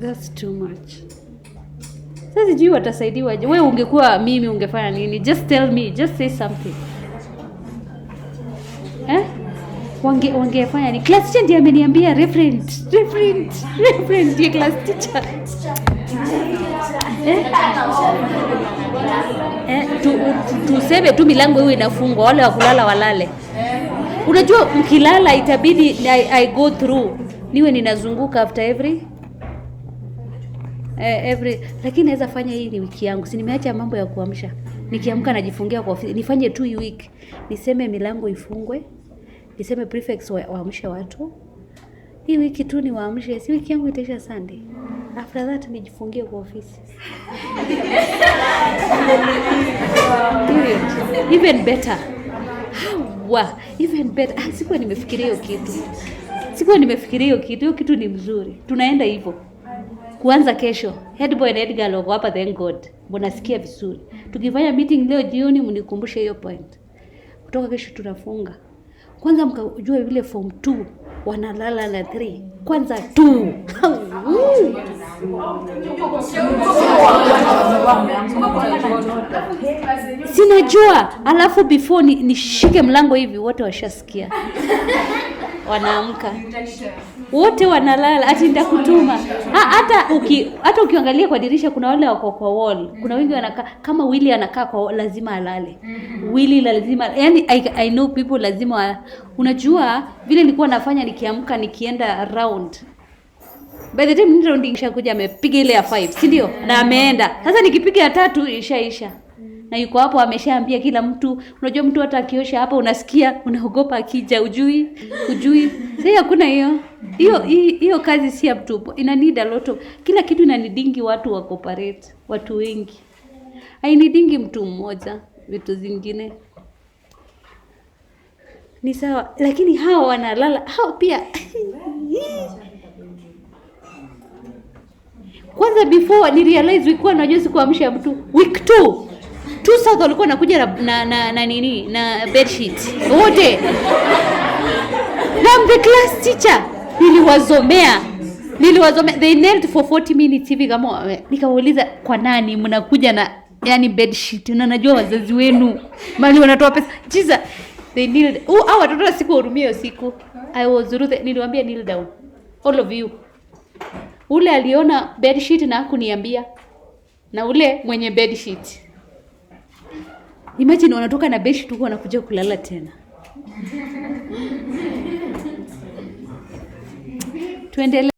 That's too much. Sasa sijui watasaidiwaje. Wewe ungekuwa mimi ungefanya nini? Just tell me, just say something. Eh? Wange wangefanya ni class teacher ndiye ameniambia referent, referent, referent ndiye class teacher. Eh? Eh, tu, tuseme tu milango hiyo inafungwa, wale wa kulala walale. Unajua mkilala itabidi I, I go through. Niwe ninazunguka after every eh, every lakini naweza fanya hii ni wiki yangu, si nimeacha mambo ya kuamsha. Nikiamka najifungia kwa ofisi, nifanye tu hii wiki, niseme milango ifungwe, niseme prefects wa, waamshe watu hii wiki tu waamshe, si wiki yangu itaisha Sunday. After that nijifungie kwa ofisi even better. wa even better. Ah, sikuwa nimefikiria hiyo kitu, sikuwa nimefikiria hiyo kitu. Hiyo kitu ni mzuri, tunaenda hivyo kuanza kesho. boy na Edgar Logo hapa, thank God. Mbona sikia vizuri. Tukifanya meeting leo jioni mnikumbushe hiyo point. Kutoka kesho tunafunga. Kwanza mkajua vile form 2 wanalala na 3. Kwanza 2. Sinajua, alafu before nishike ni mlango hivi wote washasikia wanaamka wote wanalala, ati nitakutuma. Hata uki, hata ukiangalia kwa dirisha kuna wale wako kwa wall, kuna wengi wanakaa kama Willy anakaa kwa wall, lazima alale Willy lazima yani, I, I know people lazima. Unajua vile nilikuwa nafanya nikiamka, nikienda round by the time round ishakuja, amepiga ile ya 5 si ndio? Na ameenda sasa, nikipiga ya tatu ishaisha na yuko hapo ameshaambia kila mtu. Unajua mtu hata akiosha hapa unasikia unaogopa akija, ujui ujui. Sasa hakuna hiyo hiyo hiyo kazi si mtu, ina need a lot of kila kitu, ina nidingi watu wa cooperate, watu wengi, hainidingi mtu mmoja. Vitu zingine ni sawa, lakini hao wanalala hao pia Kwanza before ni realize week 1 unajua sikuamsha mtu week 2 True South walikuwa nakuja na na na na nini na bed sheet wote, na I'm the class teacher. Niliwazomea, niliwazomea, they nailed for 40 minutes hivi, kama nikawauliza kwa nani mnakuja na yani bed sheet, na najua wazazi wenu mali wanatoa pesa jiza, they kneel. Oh, uh, watoto sikuwahurumia siku. I was rude. Niliwaambia kneel down. All of you. Ule aliona bed sheet na hakuniambia. Na ule mwenye bed sheet. Imagine wanatoka na beshi tu wanakuja kulala tena. Tuendelee.